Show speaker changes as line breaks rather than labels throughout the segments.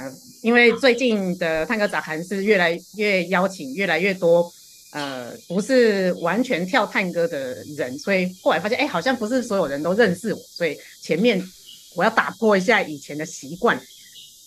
嗯，因為最近的探戈雜談室是越來越邀請越來越多，呃，不是完全跳探戈的人，所以後來發現，哎、欸，好像不是所有人都認識我，所以前面我要打破一下以前的習慣，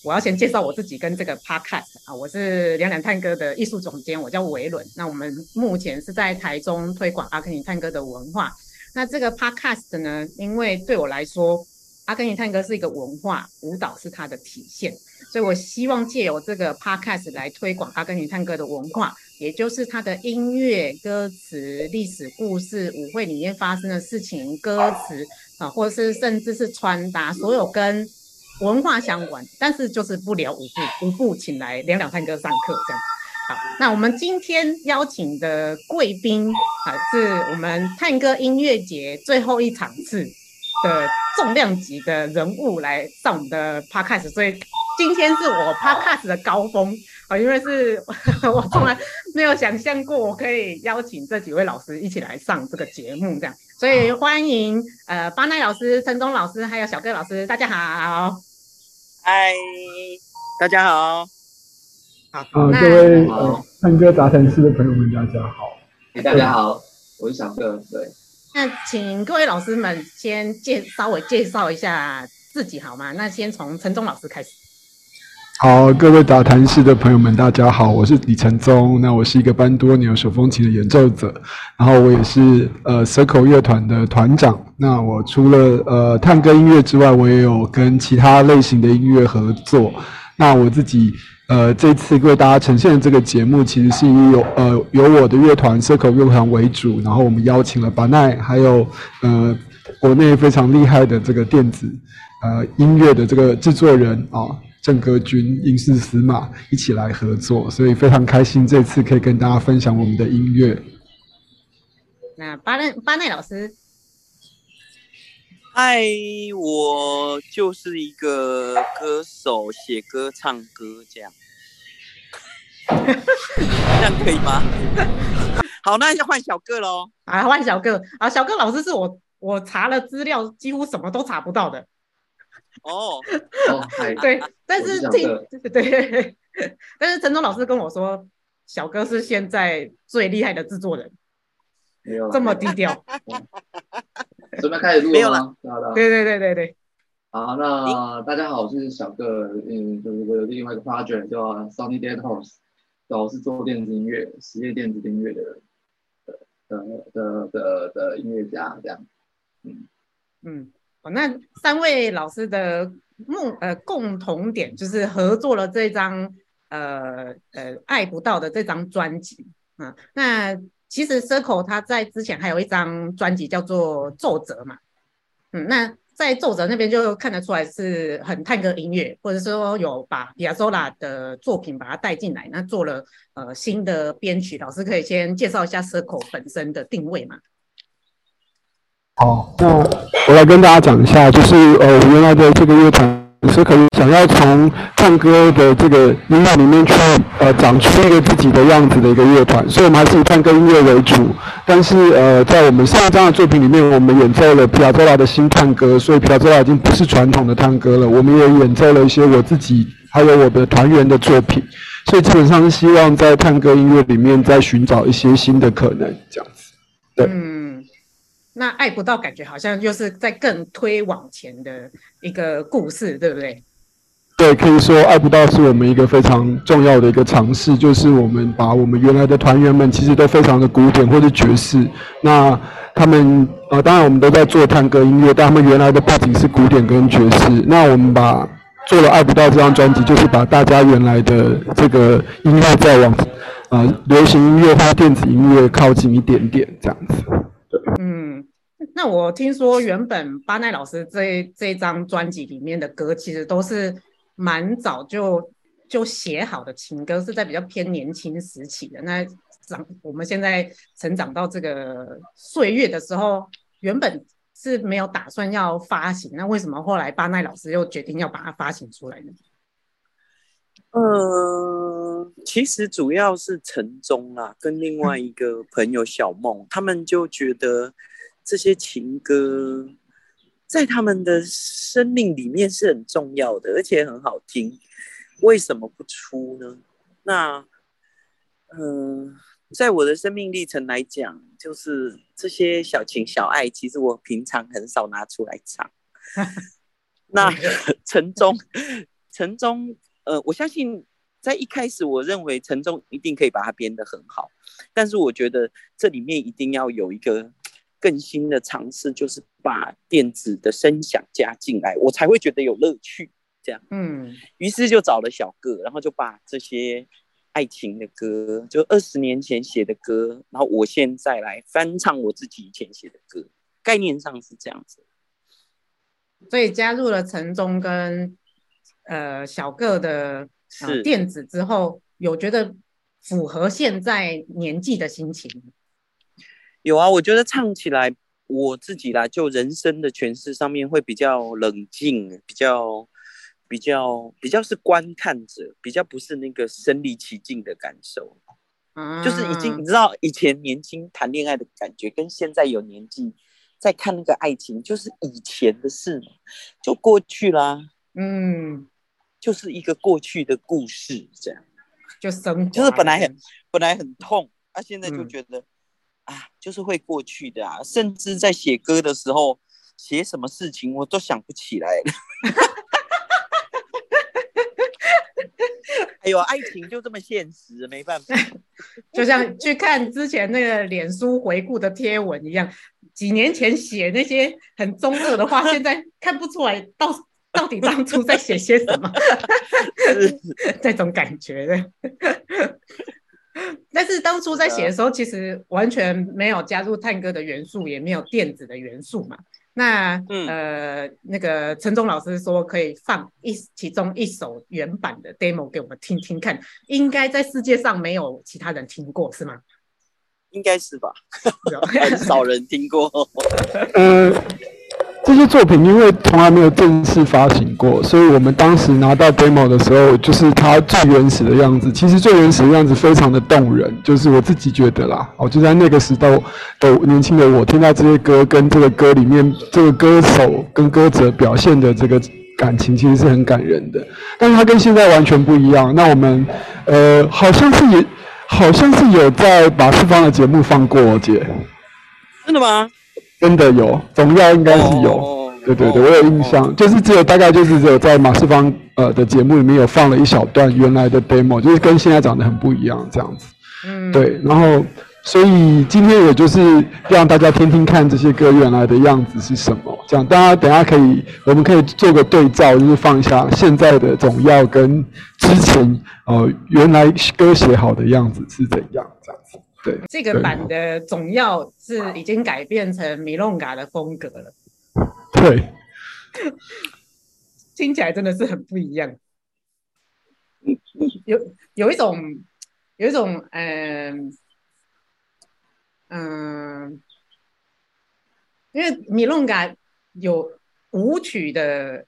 我要先介紹我自己跟這個 podcast 啊，我是兩兩探戈的藝術總監，我叫維倫，那我們目前是在台中推廣阿根廷探戈的文化，那這個 podcast 呢，因為對我來說。阿根廷探戈是一個文化，舞蹈是它的體現，所以我希望借由這個 podcast 來推廣阿根廷探戈的文化，也就是它的音樂、歌詞、歷史故事、舞會裡面發生的事情、歌詞啊，或是甚至是穿搭，所有跟文化相關，但是就是不聊舞步，舞步請來兩兩探戈上課這樣。好，那我們今天邀請的貴賓，啊，是我們探戈音樂節最後一場次的重量級的人物來上我們的 podcast，所以今天是我 podcast 的高峰啊，因為是呵呵我從來沒有想象過我可以邀請這幾位老師一起來上這個節目，這樣，所以歡迎呃巴奈老師、承宗老師還有小各老師，大家好，嗨，大家好，好、呃、各位
探、呃、戈雜談室的朋友們，大家好，大家好，我是小
各。對。
那請各位老師們先介稍微介紹一下自己好嗎？那先從承宗老師開始。
好，各位打談室的朋友們，大家好，我是李承宗。那我是一個班多鈕手風琴的演奏者，然後我也是呃 Circo 樂團的團長。那我除了呃探戈音樂之外，我也有跟其他類型的音樂合作。那我自己。呃，這次為大家呈現的這個節目，其實是以有呃有我的樂團 Circo 樂團為主，然後我們邀請了巴奈，還有呃國內非常厲害的這個電子呃音樂的這個制作人啊鄭各均，音、呃、速死馬一起來合作，所以非常開心這次可以跟大家分享我們的音樂。那巴
奈巴奈老師，
嗨，我就是一個歌手，寫歌、唱歌，這樣。
這樣可以嗎？ 好，那就換小各嘍。啊，換小各啊！小各老師是我，我查了資料，幾乎什麼都查不到的。哦， 哦對，但是聽對，但是承宗老師跟我說，小各是現在最厲害的製作人，沒有這麼低調。準備 開始錄了沒有。對對對對
好，那大家好，我是小各。嗯，我有另外一個 project 叫 Sonic Deadhorse。都是做電子音樂，實驗電子音樂的的
的的的，的音樂家這樣，嗯嗯，那三位老師的共呃共同點就是合作了這張呃呃愛不到的這張專輯啊，那其實 Circo 他在之前還有一張專輯叫做皺摺嘛，嗯那。在奏者那邊就看得出來是很探戈音樂，或者說有把皮亞佐拉的作品把它帶進來，那做了呃新的編曲。老師可以先介紹一下 Circo 本身的定位嗎？好，
那我來跟大家講一下，就是呃原來的這個樂團。有時候可能想要從探戈的這個音樂裡面去，呃，長出一個自己的樣子的一個樂團，所以，我們還是以探戈音樂為主。但是，呃，在我們上一張的作品裡面，我們演奏了皮亞佐拉的新探戈，所以皮亞佐拉已經不是傳統的探戈了。我們也演奏了一些我自己還有我的團員的作品，所以基本上是希望在探戈音樂裡面再尋找一些新的可能，這樣子。對。嗯
那愛不到，感覺好像就是在更推往前的
一個故事，對不對？對，可以說愛不到是我們一個非常重要的一個嘗試，就是我們把我們原來的團員們其實都非常的古典或者爵士，那他們啊、呃，當然我們都在做探戈音樂，但他們原來的背景是古典跟爵士，那我們把做了愛不到這張專輯，就是把大家原來的這個音樂再往呃流行音樂或電子音樂靠近一點點，這樣子。
那我聽說，原本巴奈老師這這張專輯裡面的歌，其實都是蠻早就就寫好的情歌，是在比較偏年輕時期的。那長我們現在成長到這個歲月的時候，原本是沒有打算要發行。那為什麼後來巴奈老師又決定要把它發行出來呢？
呃，
其實主要是承宗啊，跟另外一個朋友小孟， 他們就覺得。這些情歌在他們的生命裡面是很重要的，而且很好聽。為什麼不出呢？那，嗯、呃，在我的生命歷程來講，就是這些小情小愛，其實我平常很少拿出來唱。 那承 宗承宗，呃，我相信在一開始，我認為承宗一定可以把它編得很好，但是我覺得這裡面一定要有一個。更新的嘗試就是把電子的聲響加進來，我才會覺得有樂趣。這樣，嗯，於是就找了小各，然後就把這些愛情的歌，就二十年前寫的歌，然後我現在來翻唱我自己以前寫的歌，概念上是這樣子。
所以加入了承宗跟呃小各的小電子之後，有覺得符合現在年紀的心情？
有啊，我覺得唱起來，我自己啦，就人生的詮釋上面會比較冷靜，比較比較比較是觀看者，比較不是那個身臨其境的感受。嗯、就是已經你知道，以前年輕談戀愛的感覺，跟現在有年紀在看那個愛情，就是以前的事，就過去啦，啊。嗯，就是一個過去的故事，這樣。
就是就是本來很、嗯、
本來很痛，啊現在就覺得。啊、就是會過去的啊，甚至在寫歌的時候，寫什麼事情我都想不起來 哎呦，愛情就這麼現實，沒辦法。
就像去看之前那個臉書回顧的貼文一樣，幾年前寫那些很中二的話， 現在看不出來到到底當初在寫些什麼， 是是 這種感覺 但是當初在寫的時候，其實完全沒有加入探戈的元素，也沒有電子的元素嘛。那呃，那個承宗老師說可以放一其中一首原版的 demo 給我們聽聽看，應該在世界上沒有其他人聽過是嗎？應該是吧，
很少人聽過哦。
這些作品因為從來沒有正式發行過，所以我們當時拿到 demo 的時候，就是它最原始的樣子。其實最原始的樣子非常的動人，就是我自己覺得啦。我就在那個時候，的年輕的我聽到這些歌，跟這個歌裡面這個歌手跟歌者表現的這個感情，其實是很感人的。但是它跟現在完全不一樣。那我們，呃，好像是也，好像是有在馬世芳的節目放過，哦，姐，
真的嗎？
真的有，總要應該是有、哦，對對對，我有印象、哦，就是只有大概就是只有在馬世芳呃的節目裡面有放了一小段原來的 demo，就是跟現在長得很不一樣這樣子，嗯，對，然後所以今天也就是讓大家聽聽看這些歌原來的樣子是什麼，這樣大家等一下可以我們可以做個對照，就是放一下現在的總要跟之前呃原來歌寫好的樣子是怎樣這樣子。對，這個版
的總要是已經改變成米隆嘎的風格了。對， 聽起來真的是很不一樣，有有一種，有一種，嗯、呃、嗯、呃，因為米隆嘎有舞曲的，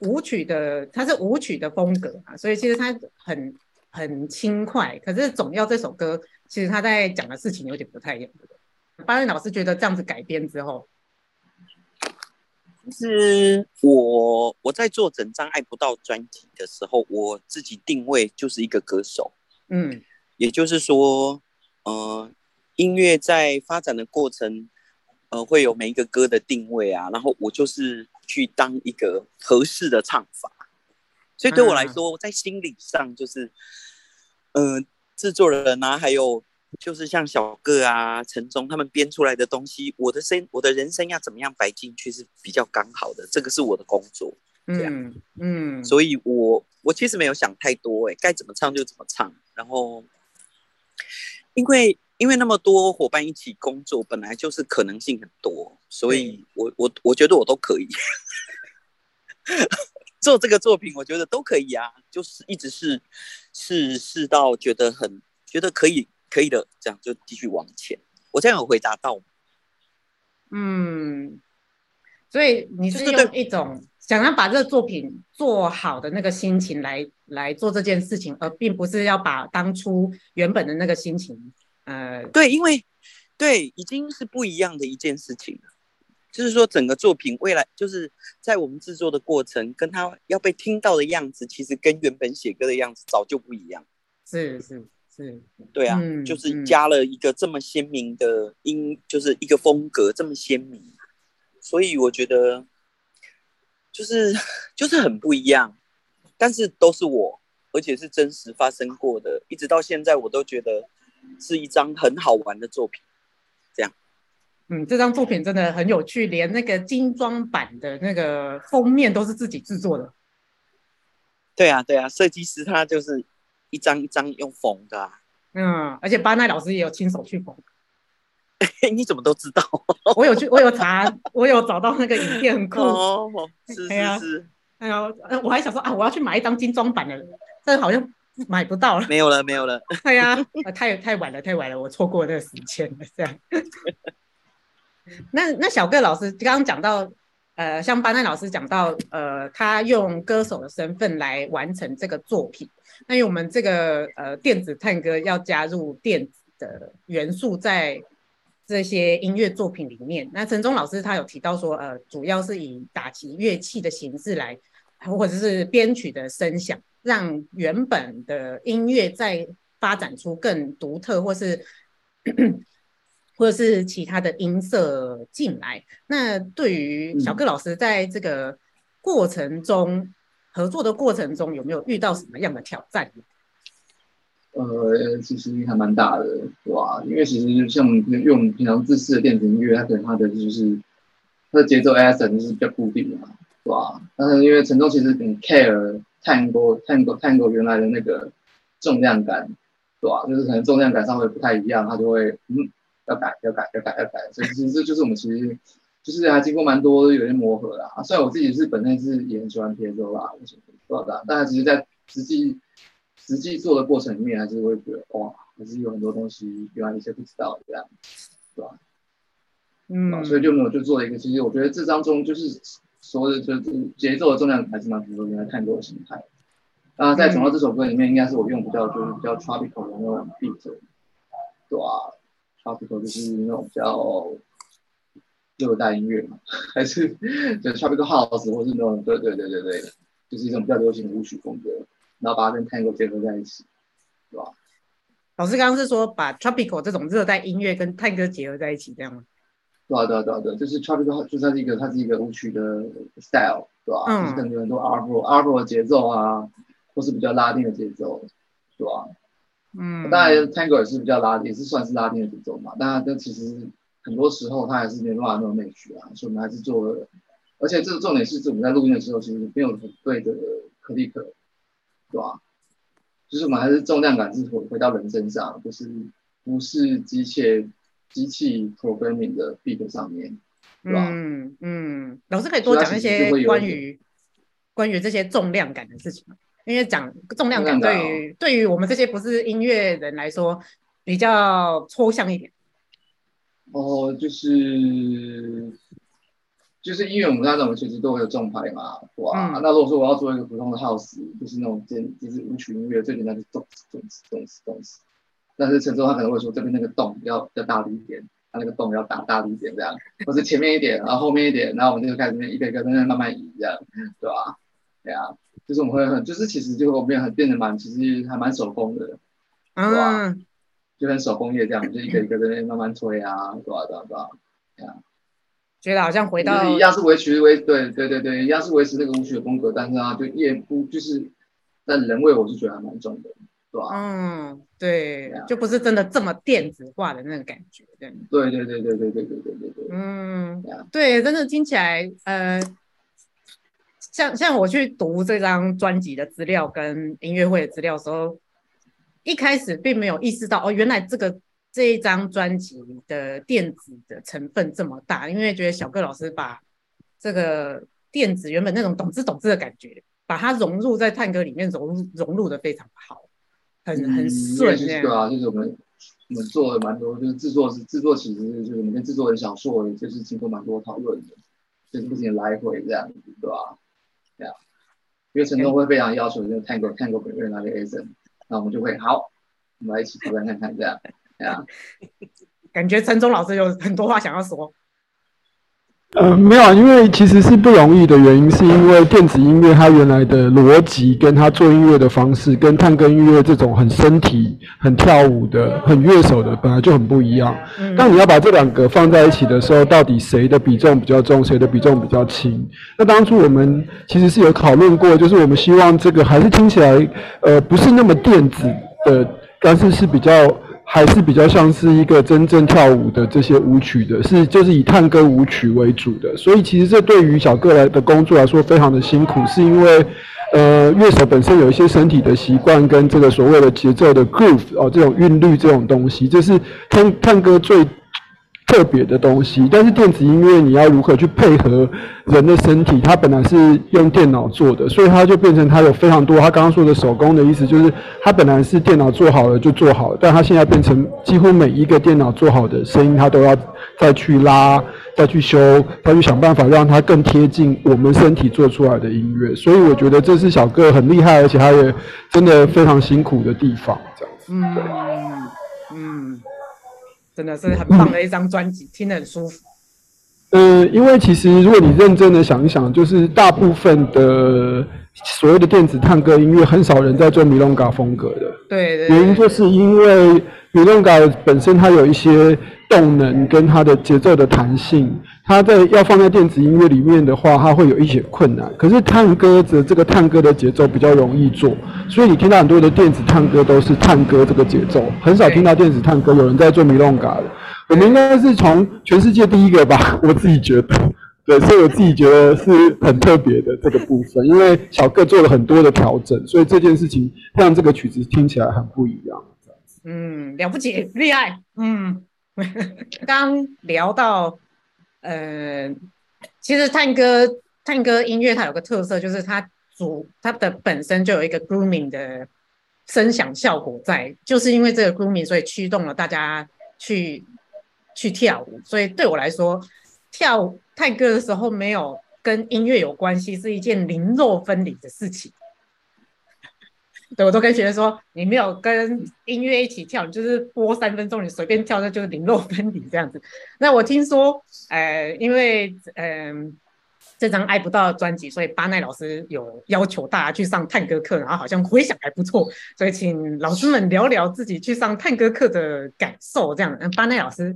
舞曲的，它是舞曲的風格啊，所以其實它很很輕快，可是總要這首歌，其實他在講的事情有
點不太一樣。八月老
師覺得這樣子
改編之後，是我我在做整張《愛不到》專輯的時候，我自己定位就是一個歌手。嗯，也就是說，呃，音樂在發展的過程，呃，會有每一個歌的定位啊，然後我就是去當一個合適的唱法。
所以對我來
說，嗯、在心理上就是，嗯、呃。製作人啊，還有就是像小各啊、承宗他們編出來的東西，我的身、我的人生要怎麼樣擺進去是比較剛好的，這個是我的工作。這樣，嗯，
嗯，所
以我我其實沒有想太多、欸，哎，該怎麼唱就怎麼唱。然後，因為因為那麼多夥伴一起工作，本來就是可能性很多，所以我、嗯、我我覺得我都可以。 做這個作品，我覺得都可以啊，就是一直試試試到覺得很覺得可以可以的，這樣就繼續往前。我這樣有回答到？嗯，
所以你是用一種想要把這個作品做好的那個心情來來做這件事情，而並不是要把當初原本的那個心情，呃，對，
因為對已經是不一樣的一件事情了。就是說，整個作品，未來就是在我們製作的過程，跟他要被聽到的樣子，其實跟原本寫歌的樣子早就不一樣。
是是是，
對啊，嗯嗯，就是加了一個這麼鮮明的音，就是一個風格這麼鮮明，所以我覺得就是就是很不一樣，但是都是我，而且是真實發生過的，一直到現在我都覺得是一張很好玩
的作品。嗯，這張作品真的很有趣，連那個精裝版的那個封面都是自己制作的。
對啊，對啊，設計師他就是一張一張用縫的、啊。
嗯，而且巴奈老師也有親手去縫。哎、你怎麼都知道？我有去，我有查， 我有找到那個影片，很酷。是、哦、是、哦、是。哎呦、哎、我還想說啊，我要去買一張精裝版的，但好像買不到了。沒
有了，沒有了。
哎呀，呃、太太晚了，太晚了，我錯過那個時間了，這樣。 那那小各老師剛剛講到，呃，像巴奈老師講到，呃，他用歌手的身份來完成這個作品。那因為我們這個呃電子探戈要加入電子的元素在這些音樂作品裡面。那承宗老師他有提到說，呃，主要是以打擊樂器的形式來，或者是編曲的聲響，讓原本的音樂再發展出更獨特或是。 或者是其他的音色進來，那對於小各老師在這個過程中、嗯、合作的過程中，有沒有遇到什麼樣的挑戰？
呃，其實還蠻大的，對吧？因為其實像用平常自制的電子音樂，它可能它的就是它的節奏、accent 就是比較固定嘛，對吧？但是因為承宗其實很 care tango tango tango 原來的那個重量感，對吧？就是可能重量感稍微不太一樣，他就會嗯。要改，要改，要改，要改。所以其實這就是我們，其實就是還經過蠻多的有些磨合啦。雖然我自己是本來是也很喜歡節奏啦，不知道大家，大家其實在實際實際做的過程裡面，還是會覺得哇，還是有很多東西原來一些不知道的樣，對吧、啊？嗯，所以就我就做了一個。其實我覺得這張中就是所謂的就是節奏的重量還是蠻符合原來創作的形態。那在整到這首歌裡面，應該是我用比較就是比較 tropical 的那種 beat 對啊。Tropical 就是那種比較熱帶音樂嘛，還是就是 tropical house 或是那種對對對對對，就是一種比較流行的舞曲風格，然後把它跟探戈結合在一起，
對吧？老師剛剛是說把 tropical 這種熱帶音樂跟探戈結合在一起這樣，對
嗎？對啊對啊對啊對，就是 tropical 就算是一個它是一個舞曲的 style，對吧？嗯，就是、很多很多 Afro Afro 的節奏啊，或是比較拉丁的節奏，對吧？嗯，當然，Tango 也是比較拉丁，也是算是拉丁的節奏嘛。但但其實很多時候他還是沒洛蘭那麼內聚啊，所以我們還是做了。而且這個重點是，這我們在錄音的時候其實沒有很對着 click，對吧？就是我們還是重量感是回回到人身上，就是不是機械
機器 programming 的 beat 上面，對吧？嗯嗯，老師可以多講一些關於關於這些重量感的事情嗎？因為講重量感、嗯，對於對於我們這些不是音樂人來說，比較抽象一點。
哦，就是就是音樂，我們那種我們其實都會有重拍嘛，哇、嗯，那如果說我要做一個普通的 house，就是那種簡就是舞曲音樂，最簡單就是咚、咚、咚、咚。但是承宗他可能會說，這邊那個洞要要大一點，他那個洞要大大一點這樣，或者前面一點，然後後面一點， 然後我們就開始那一點一點在那慢慢移這樣，對吧、啊？對啊。就是我們會很，就是其實就後面很變得蠻，其實還蠻手工的，嗯。就很手工業這樣，就一個一個在那慢慢吹啊， 啊，對吧、啊、對吧這樣。
覺得好像回到爵士舞曲，
舞、就是、對對對對，爵士舞曲那個舞曲的風格，但是啊，就也不就是，但人味我是
覺得還蠻重的，是吧、啊？嗯，對，就不是真的這麼電子化的那個感覺，對。
對對對對對對對對對
對。嗯，對，真的聽起來，呃。像像我去讀這張專輯的資料跟音樂會的資料的時候，一開始並沒有意識到哦，原來這個這一張專輯的電子的成分這麼大，因為覺得小各老師把這個電子原本那種懂知懂知的感覺，把它融入在探戈裡面融融入得非常好，
很很順利、嗯、對啊，就是我們我們做了蠻多，就是製作製作其實就是裡面製作人小孟，就是經過蠻多討論的，就是不停來回這樣子，對吧？因為承宗會非常要求，就是看過看過本月的那
個 A 省，那我們就會好，我們來一起挑戰看看這樣，對 啊，感覺承宗老師有很多話想要說。
呃，沒有啊，因為其實是不容易的原因，是因為電子音樂它原來的邏輯跟它做音樂的方式，跟探戈音樂這種很身體、很跳舞的、很樂手的，本來就很不一樣。當、嗯、你要把這兩個放在一起的時候，到底誰的比重比較重，誰的比重比較輕？那當初我們其實是有討論過，就是我們希望這個還是聽起來，呃，不是那麼電子的，但是是比較。還是比較像是一個真正跳舞的這些舞曲的，是就是以探戈舞曲為主的，所以其實這對於小各來的工作來說非常的辛苦，是因為，呃，樂手本身有一些身體的習慣跟這個所謂的節奏的 groove 哦，這種韻律這種東西，這、就是探探戈最。特別的東西，但是電子音樂你要如何去配合人的身體？它本來是用電腦做的，所以它就變成它有非常多。他剛剛說的手工的意思，就是它本來是電腦做好了就做好了，但它現在變成幾乎每一個電腦做好的聲音，它都要再去拉、再去修、再去想辦法讓它更貼近我們身體做出來的音樂。所以我覺得這是小各很厲害，而且他也真的非常辛苦的地方。這樣
子，嗯嗯。嗯真的是很棒的一
張專輯，聽得很舒服。呃，因為其實如果你認真的想一想，就是大部分的所謂的電子探戈音樂，很少人在做米隆嘎風格的。對對、對。原因就是因為米隆嘎本身它有一些動能跟它的節奏的彈性。對對對。它在要放在電子音樂裡面的話，它會有一些困難。可是探戈的這個探戈的節奏比較容易做，所以你聽到很多的電子探戈都是探戈這個節奏，很少聽到電子探戈有人在做 milonga 的。我們應該是從全世界第一個吧，我自己覺得。對，對所以我自己覺得是很特別的 這個部分，因為小各做了很多的調整，所以這件事情讓這個曲子聽起來很不一樣。嗯，
了不起，厲害。嗯，剛 聊到。呃，其實探戈探戈音樂它有個特色，就是它主它的本身就有一個 grooming 的聲響效果在，就是因為這個 grooming，所以驅動了大家去去跳舞。所以對我來說，跳探戈的時候沒有跟音樂有關係，是一件靈肉分離的事情。對，我都跟學生說，你沒有跟音樂一起跳，你就是播三分鐘，你隨便跳，那就是零落分離這樣子。那我聽說，呃，因為嗯、呃，這張《愛不到》專輯，所以巴奈老師有要求大家去上探戈課，然後好像反響還不錯，所以請老師們聊聊自己去上探戈課的感受。這樣，嗯，巴奈老師，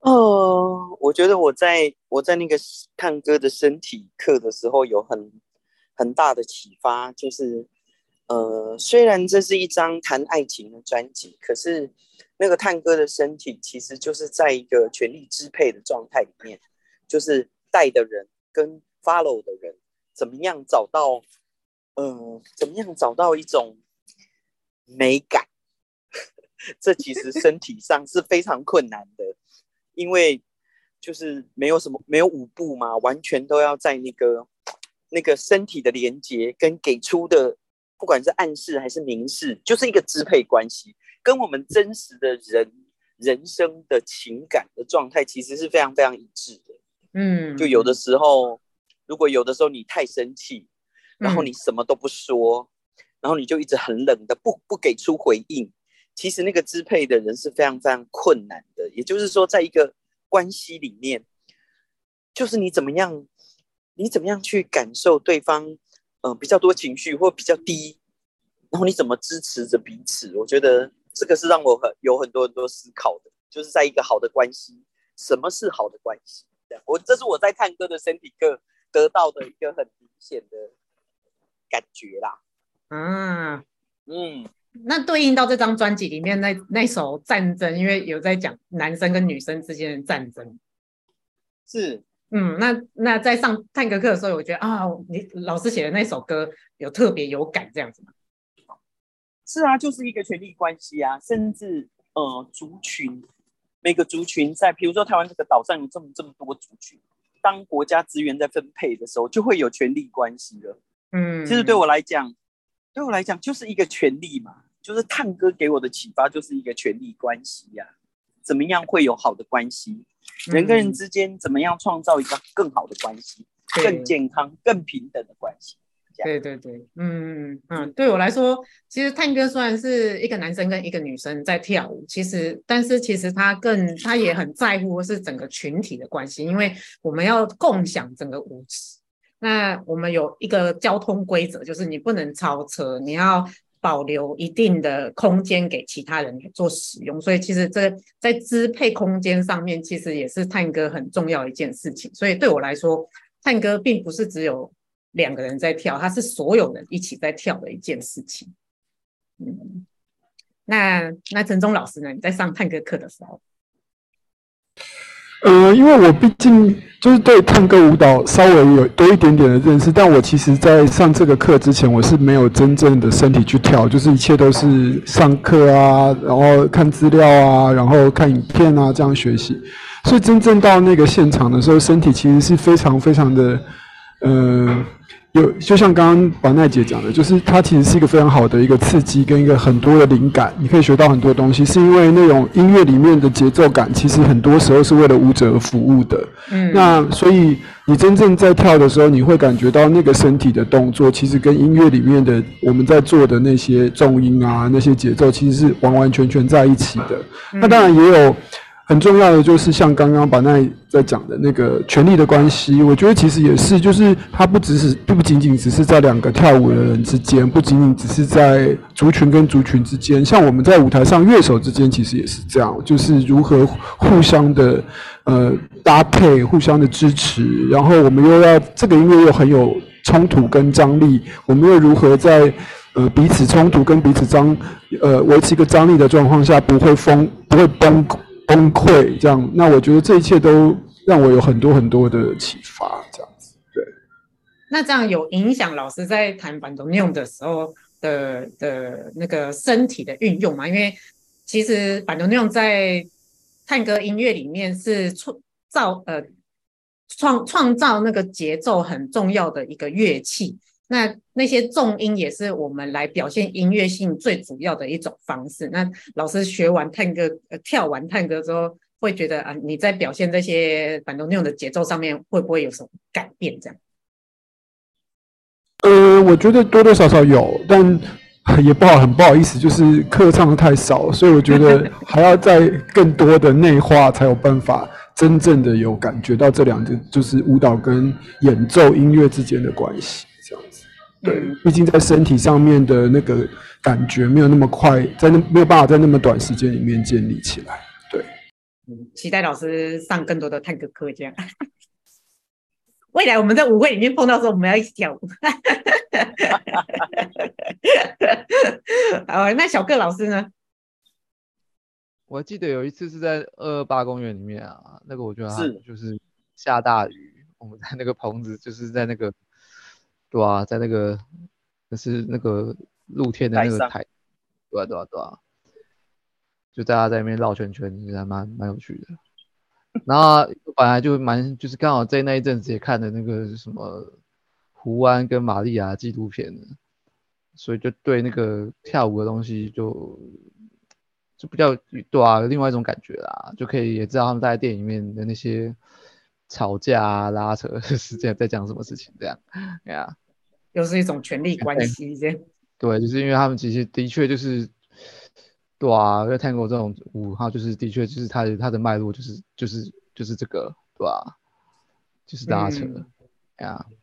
哦，oh,，
我覺得我在
我在那個探戈的身體課的時候有很很大的啟發就是，呃，雖然這是一張談愛情的專輯，可是那個探戈的身體其實就是在一個權力支配的狀態裡面，就是帶的人跟 follow 的人怎麼樣找到，嗯、呃，怎麼樣找到一種美感， 這其實身體上 是非常困難的，因為就是沒有什麼沒有舞步嘛，完全都要在那個。那個身體的連接跟給出的，不管是暗示還是凝視，就是一個支配關係，跟我們真實的人人生的情感的狀態其實是非常非常一致的。嗯，
就有的
時候，如果有的時候你太生氣，
然後你
什麼都不說，嗯、然後你就一直很冷的不不給出回應，其實那個支配的人是非常非常困難的。也就是說，在一個關係裡面，就是你怎麼樣。你怎麼樣去感受對方？嗯、呃，比較多情緒或比較低，然後你怎麼支持着彼此？我覺得這個是讓我很有很多很多思考的，就是在一個好的關係，什麼是好的關係？這我這是我在探戈的身體課得到的一個很明顯的感覺啦。
啊，嗯，那對應到這張專輯裡面那那首《戰爭》，因為有在講男生跟女生之間的戰爭，
是。
嗯，那那在上探戈課的時候，我覺得啊、哦，你老師寫的那首歌有特別有感這樣子嗎？
是啊，就是一個權力關係啊，甚至呃族群，每個族群在，比如說台灣這個島上，有這麼這麼多族群，當國家資源在分配的時候，就會有權力關係了。嗯，
其實對我
來講，對我來講就是一個權力嘛，就是探戈給我的啟發，就是一個權力關係呀、啊。怎麼樣會有好的關係？人跟人之間怎麼樣創造一個更好的關係、嗯，更健康對對對，更平等的關係？
對對對，嗯對嗯對我來說，其實探戈雖然是一個男生跟一個女生在跳舞，其實、嗯、但是其實他更、嗯、他也很在乎是整個群體的關係、嗯，因為我們要共享整個舞池、嗯。那我們有一個交通規則，就是你不能超車，你要。保留一定的空間給其他人做使用，所以其實這在支配空間上面，其實也是探戈很重要一件事情。所以對我來說，探戈並不是只有兩個人在跳，它是所有人一起在跳的一件事情。嗯，那那承宗老師呢？你在上探戈課的時候？
呃，因為我畢竟就是對探戈舞蹈稍微有多一點點的認識，但我其實，在上這個課之前，我是沒有真正的身體去跳，就是一切都是上課啊，然後看資料啊，然後看影片啊，這樣學習，所以真正到那個現場的時候，身體其實是非常非常的，呃。有，就像剛剛巴奈姐講的，就是它，其實是一個非常好的一個刺激跟一個很多的靈感，你可以學到很多東西。是因為那種音樂裡面的節奏感，其實很多時候是為了舞者而服務的。嗯，那所以你真正在跳的時候，你會感覺到那個身體的動作，其實跟音樂裡面的我們在做的那些重音啊，那些節奏，其實是完完全全在一起的。嗯、那當然也有。很重要的就是像剛剛巴奈在講的那個權力的關係，我覺得其實也是，就是它不只是並不僅僅只是在兩個跳舞的人之間，不僅僅只是在族群跟族群之間。像我們在舞台上樂手之間，其實也是這樣，就是如何互相的呃搭配，互相的支持，然後我們又要這個音樂又很有衝突跟張力，我們又如何在呃彼此衝突跟彼此張呃維持一個張力的狀況下，不會瘋，不會崩潰。崩潰，這樣，那我覺得這一切都讓我有很多很多的啟發，這樣子。對，
那這樣有影響？老師在彈班多鈕的時候的的那個身體的運用嘛，因為其實班多鈕在探戈音樂裡面是創造呃創創造那個節奏很重要的一個樂器。那那些重音也是我們來表現音樂性最主要的一種方式。那老師學完探戈，呃，跳完探戈之後，會覺得啊，你在表現這些反動內容的節奏上面，會不會有什麼改變？這樣？
呃，我覺得多多少少有，但也不好，很不好意思，就是課上的太少，所以我覺得還要再更多的內化，才有辦法真正的有感覺到這兩個，就是舞蹈跟演奏音樂之間的關係。對，畢竟在身體上面的那個感覺沒有那麼快，在那沒有辦法在那麼短時間裡面建立起來。對，
期待老師上更多的探戈課，這樣。 未來我們在舞會裡面碰到時候，我們要一起跳舞。那小各老師呢？
我記得有一次是在二二八公園裡面啊，那個我覺得、啊、是就是下大雨，我們在那個棚子，就是在那個。對啊，在那個那是那個露天的那個台，台對啊對啊對啊，就大家在那邊繞圈圈，其實蠻蠻有趣的。然後本來就蠻就是剛好在那一陣子也看的那個什麼胡安跟瑪利亞紀錄片，所以就對那個跳舞的東西就就比較對啊，另外一種感覺啦，就可以也知道他們在電影裡面的那些吵架啊、拉扯是這樣在講什麼事情這樣，
對啊。又、就是一種權力關係，這
樣，對，就是因為他們其實的確就是，對啊，在探戈這種舞就是的確就是他的他的脈絡就是就是就是這個對吧、啊？就是拉扯。哎、嗯、呀
，yeah.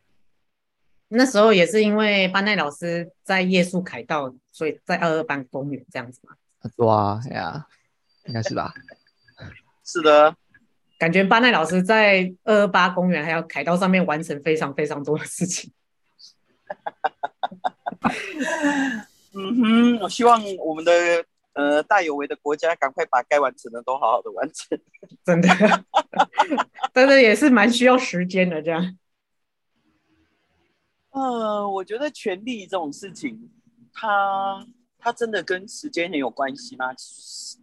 那時候也是因為巴奈老師在夜宿凱道，所以在二二八公園這樣子嘛 、
啊，對啊，哎呀，應該是吧？
是的，感覺巴奈老師在二二八公園還有凱道上面完成非常非常多的事情。 嗯哼，我
希望我們的呃大有為的國家趕快把該完成的都好好的完成， 真的，
真的也是蠻需要時間的這樣。
呃，我覺得權力這種事情，它它真的跟時間很有關係嗎？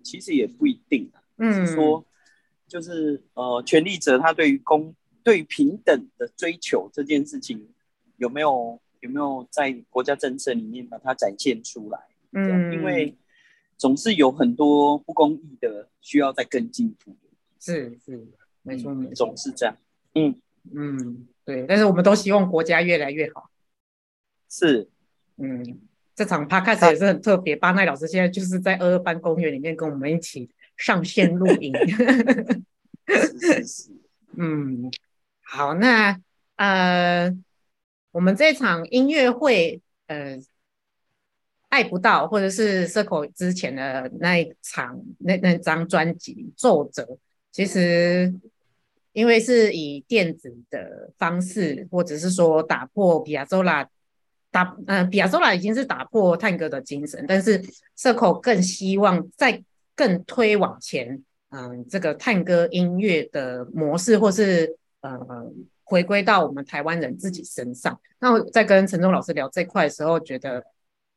其實也不一定。嗯，說就是呃，權力者他對於公對平等的追求這件事情，有沒有？有沒有在國家政策裡面把它展現出來？嗯，
因為
總是有很多不公益的，需要再更進步。是是，
沒錯、嗯、
總是這樣。嗯
嗯，對。但是我們都希望國家越來越好。
是，
嗯，這場趴 o d 也是很特別、啊。巴奈老師現在就是在二二班公園裡面跟我們一起上線錄影。 嗯，好，那呃。我們這場音樂會，呃，愛不到，或者是 Circo 之前的那一場那那張專輯《皺摺》，其實因為是以電子的方式，或者是說打破皮亞佐拉打，嗯、呃，皮亞佐拉已經是打破探戈的精神，但是 Circo 更希望再更推往前，嗯、呃，這個探戈音樂的模式，或是呃。回歸到我們台灣人自己身上，那我在跟承宗老師聊這塊的時候，覺得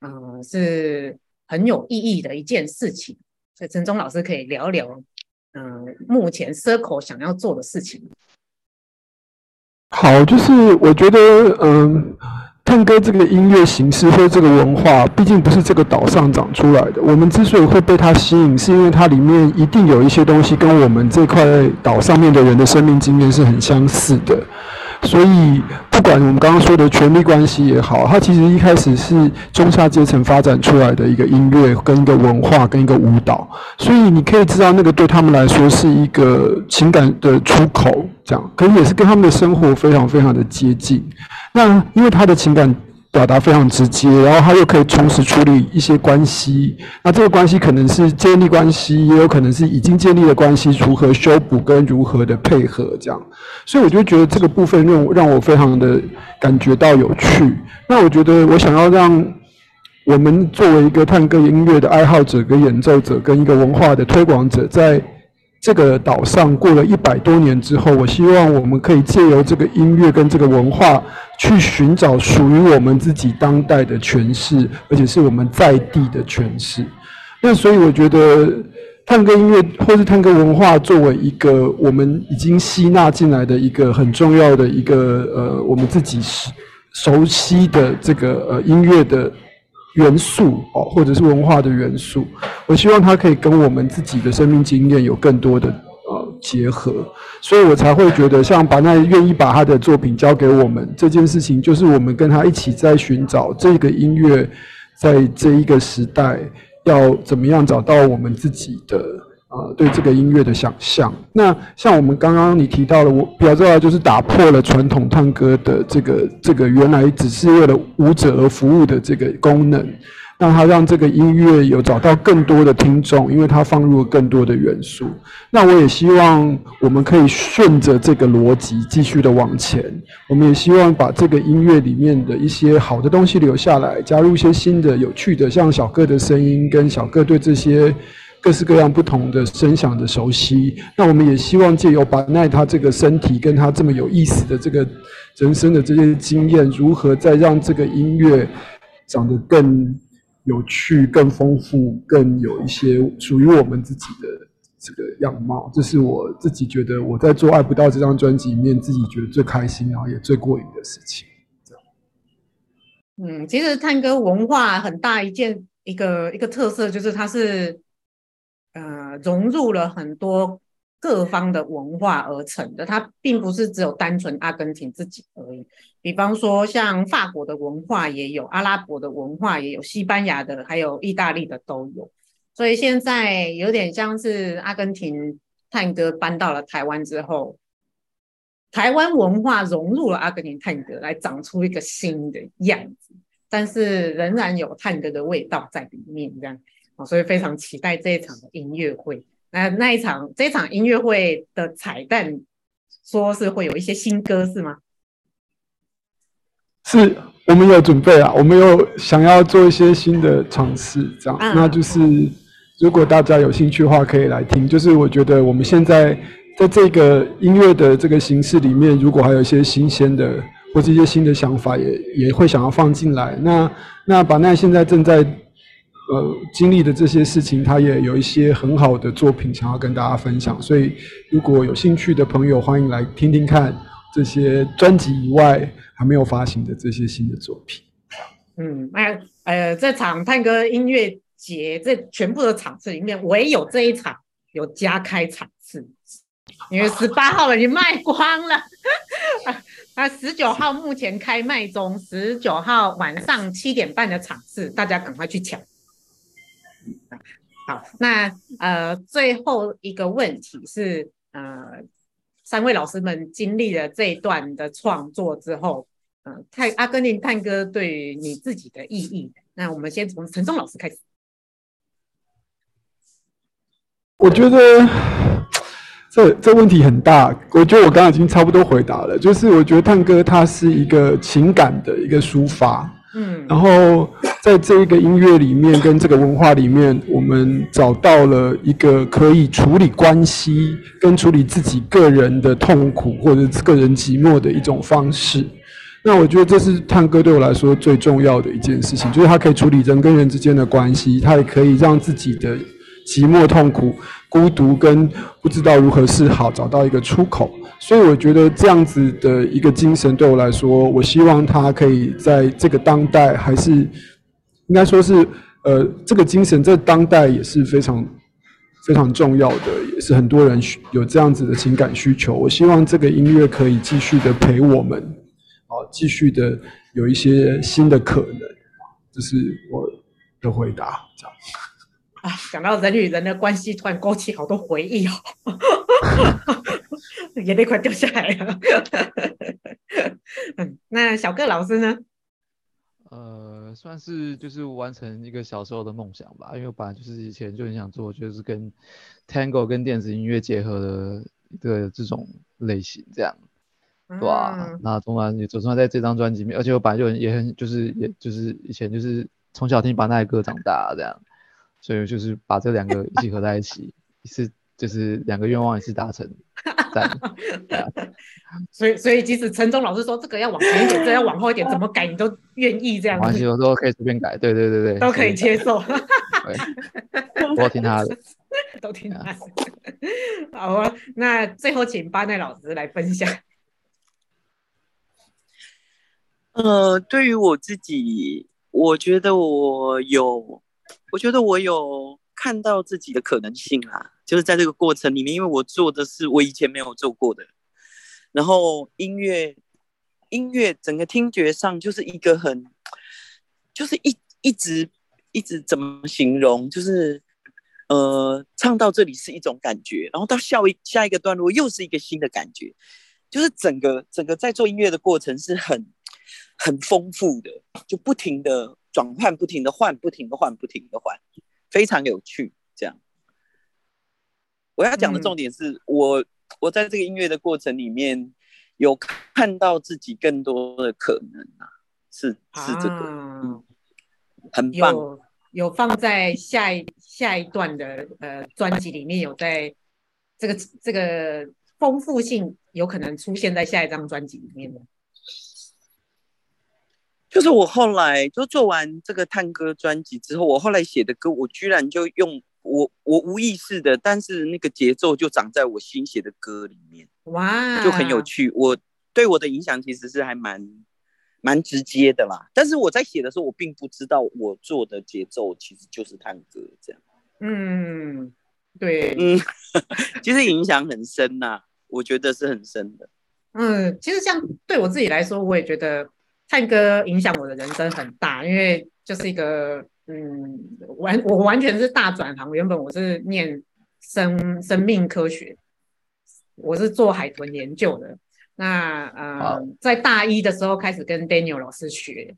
嗯、呃、是很有意義的一件事情，所以承宗老師可以聊聊嗯、呃、目前 Circo 想要做的事情。
好，就是我覺得嗯探戈這個音樂形式或這個文化，畢竟不是這個島上長出來的，我們之所以會被它吸引，是因為它裡面一定有一些東西跟我們這塊島上面的人的生命經驗是很相似的。所以，不管我們剛剛說的權力關係也好，它其實一開始是中下階層發展出來的一個音樂，跟一個文化，跟一個舞蹈。所以你可以知道，那個對他們來說是一個情感的出口，這樣，可能也是跟他們的生活非常非常的接近。那因為他的情感。表達非常直接，然後他又可以同時處理一些關係，那這個關係可能是建立關係，也有可能是已經建立的關係如何修補跟如何的配合這樣，所以我就覺得這個部分讓我讓我非常的感覺到有趣。那我覺得我想要讓我們作為一個探戈音樂的愛好者跟演奏者跟一個文化的推廣者在這個島上過了一百多年之後，我希望我們可以借由這個音樂跟這個文化，去尋找屬於我們自己當代的詮釋，而且是我們在地的詮釋。那所以我覺得，探戈音樂或是探戈文化，作為一個我們已經吸納進來的一個很重要的一個呃，我們自己熟熟悉的這個呃音樂的元素哦，或者是文化的元素。我希望他可以跟我們自己的生命經驗有更多的呃結合，所以我才會覺得像把那願意把他的作品交給我們這件事情，就是我們跟他一起在尋找這個音樂在這一個時代要怎麼樣找到我們自己的呃對這個音樂的想象那像我們剛剛你提到了，我比較重要就是打破了傳統探戈的這個這個原來只是為了舞者而服務的這個功能。讓他讓這個音樂有找到更多的聽眾，因為他放入了更多的元素。那我也希望我們可以順着這個邏輯繼續的往前。我們也希望把這個音樂裡面的一些好的東西留下來，加入一些新的有趣的，像小各的聲音跟小各對這些各式各樣不同的聲響的熟悉。那我們也希望借由巴奈他這個身體跟他這麼有意思的這個人生的這些經驗，如何再讓這個音樂長得更。有趣，更豐富，更有一些屬於我們自己的這個樣貌，這，就是我自己覺得我在做《愛不到》這張專輯裡面自己覺得最開心，然後也最過癮的事情。嗯，
其實探戈文化很大一件，一個，一個特色就是它是，呃，融入了很多。各方的文化而成的，它並不是只有單純阿根廷自己而已。比方說，像法國的文化也有，阿拉伯的文化也有，西班牙的，還有意大利的都有。所以現在有點像是阿根廷探戈搬到了台灣之後，台灣文化融入了阿根廷探戈，來長出一個新的樣子，但是仍然有探戈的味道在裡面。這樣，所以非常期待這一場的音樂會。那那一場，這場音
樂會的彩蛋，說是會有一些新歌是嗎？是，我們有準備啊，我們有想要做一些新的嘗試，這樣、嗯，那就是如果大家有興趣的話，可以來聽。就是我覺得我們現在在這個音樂的這個形式裡面，如果還有一些新鮮的或是一些新的想法也，也也會想要放進來。那那巴奈現在正在。呃，經歷的這些事情，他也有一些很好的作品想要跟大家分享。所以，如果有興趣的朋友，歡迎來聽聽看這些專輯以外還沒有發行的這些新的作品。嗯，
那呃，呃，這場探戈音樂節這全部的場次裡面，唯有這一場有加開場次，因為十八號了已經 賣光了。那十九號目前開賣中，十九號晚上七點半的場次，大家趕快去搶。好，那呃，最後一個問題是，是呃，三位老師們經歷了這一段的創作之後，嗯、呃，探阿根廷探戈對你自己的意義？那我們先從承宗老師開始。
我覺得這這問題很大，我覺得我剛剛已經差不多回答了，就是我覺得探戈它是一個情感的一個抒發。嗯，然後在這一個音樂裡面，跟這個文化裡面，我們找到了一個可以處理關係，跟處理自己個人的痛苦或者是個人寂寞的一種方式。那我覺得這是探戈對我來說最重要的一件事情，就是它可以處理人跟人之間的關係，它也可以讓自己的。寂寞、痛苦、孤獨，跟不知道如何是好，找到一個出口。所以我覺得這樣子的一個精神對我來說，我希望它可以在這個當代，還是應該說是，呃，這個精神在、這個、當代也是非常非常重要的，也是很多人有這樣子的情感需求。我希望這個音樂可以繼續的陪我們，好，繼續的有一些新的可能。這是我的回答，這樣。
啊，講到人與人的關係，突然勾起好多回憶哦， 眼淚快掉下來了。 那小各老師呢？
呃，算是就是完成一個小時候的夢想吧，因為我本來就是以前就很想做，就是跟 Tango 跟電子音樂結合的一個這種類型，這樣，嗯、哇那總算你，總算在這張專輯面，而且我本來就很也很就是也就是以前就是從小聽巴奈哥歌長大這樣。所以就是把這兩個一起合在一起， 一次就是兩個願望一次達成， 所以
所以即使承宗老師說這個要往前一點，你 這要往後一點， 怎麼改你都願意這樣子。
我希說可以隨便改，對對對，對都可以接受。
我聽他的， 都聽他的。 好啊，那最後請巴奈老師來分享。
呃，對於我自己，我覺得我有。我覺得我有看到自己的可能性啦、啊，就是在這個過程裡面，因為我做的是我以前沒有做過的，然後音樂，音樂整個聽覺上就是一個很，就是一一直一直怎麼形容，就是呃，唱到這裡是一種感覺，然後到下一下一個段落又是一個新的感覺，就是整個整個在做音樂的過程是很很豐富的，就不停的。轉換不停的換，不停的換，不停的換，非常有趣。這樣，我要講的重點是、嗯、我，我在這個音樂的過程裡面有看到自己更多的可能啊，是是這個、啊嗯，很棒。
有有放在下一下一段的呃專輯裡面有在，在這個這個豐富性有可能出現在下一張專輯裡面的。
就是我後來，就做完這個探戈專輯之後，我後來寫的歌，我居然就用我我無意識的，但是那個節奏就長在我新寫的歌裡面，
哇，就很有
趣。我對我的影響其實是還蠻蠻直接的啦，但是我在寫的時候，我並不知道我做的節奏其實就是探戈這樣。嗯，對，
嗯，
其實影響很深吶，啊， 我覺得是很深的。嗯，其
實像對我自己來說，我也覺得。探戈影響我的人生很大，因為就是一個嗯，完我完全是大轉行。原本我是念生生命科學，我是做海豚研究的。那呃，在大一的時候開始跟 Daniel 老師學，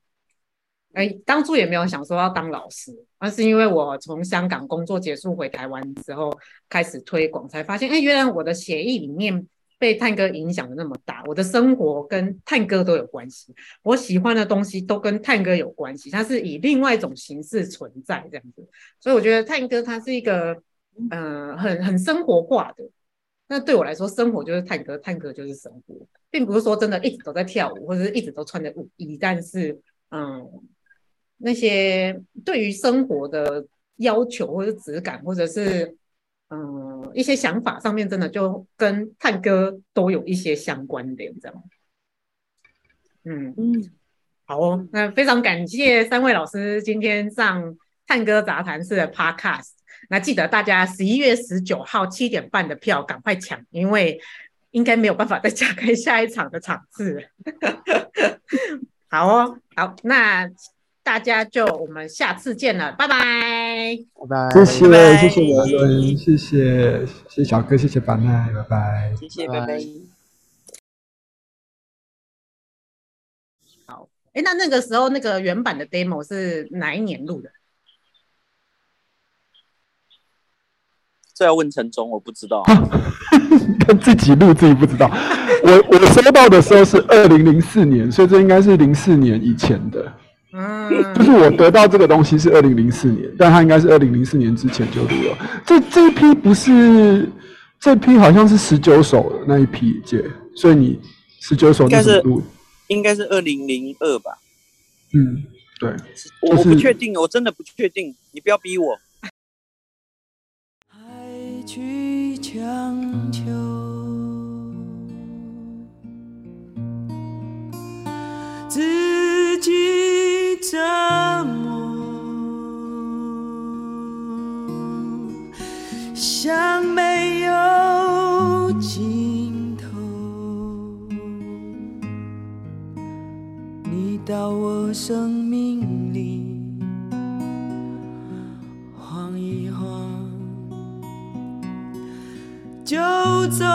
哎、欸，當初也沒有想說要當老師，而是因為我從香港工作結束回台灣之後開始推廣，才發現哎、欸，原來我的協議裡面。被探戈影響的那麼大，我的生活跟探戈都有關係，我喜歡的東西都跟探戈有關係，它是以另外一種形式存在這樣子，所以我覺得探戈它是一個，嗯、呃，很很生活化的。那對我來說，生活就是探戈，探戈就是生活，並不是說真的一直都在跳舞或者是一直都穿着舞衣，但是嗯，那些對於生活的要求或者質感或者是。嗯、呃，一些想法上面真的就跟探戈都有一些相關的，你知道嗎？嗯嗯，好哦，那非常感謝三位老師今天上探戈雜談室的 Podcast。那記得大家十一月十九號七點半的票趕快搶，因為應該沒有辦法再加開下一場的場次。 好哦，好，那。大家就我們下次見了，拜拜，拜
拜，謝謝，拜拜謝
謝阿倫，謝謝，謝謝小各，謝謝巴奈，拜拜，謝謝，拜拜。
拜拜，好，哎、欸，那那個時候那個原版的 demo 是哪一年錄的？
這要問承宗，我不知道、
啊，他 自己錄自己不知道。 我我收到的時候是二零零四年，所以這應該是零四年以前的。嗯，就是我得到這個東西是二零零四年，但他應該是二零零四年之前就有。這這批不是，這批好像是十九首的那一批，姐，所以你十九首應該是
應該是二零零二吧？嗯，對，
就是、我不確
定，我真的不確定，你不要逼我。愛去強求自己。折磨，像沒有盡頭。你到我生命裡晃一晃，就走。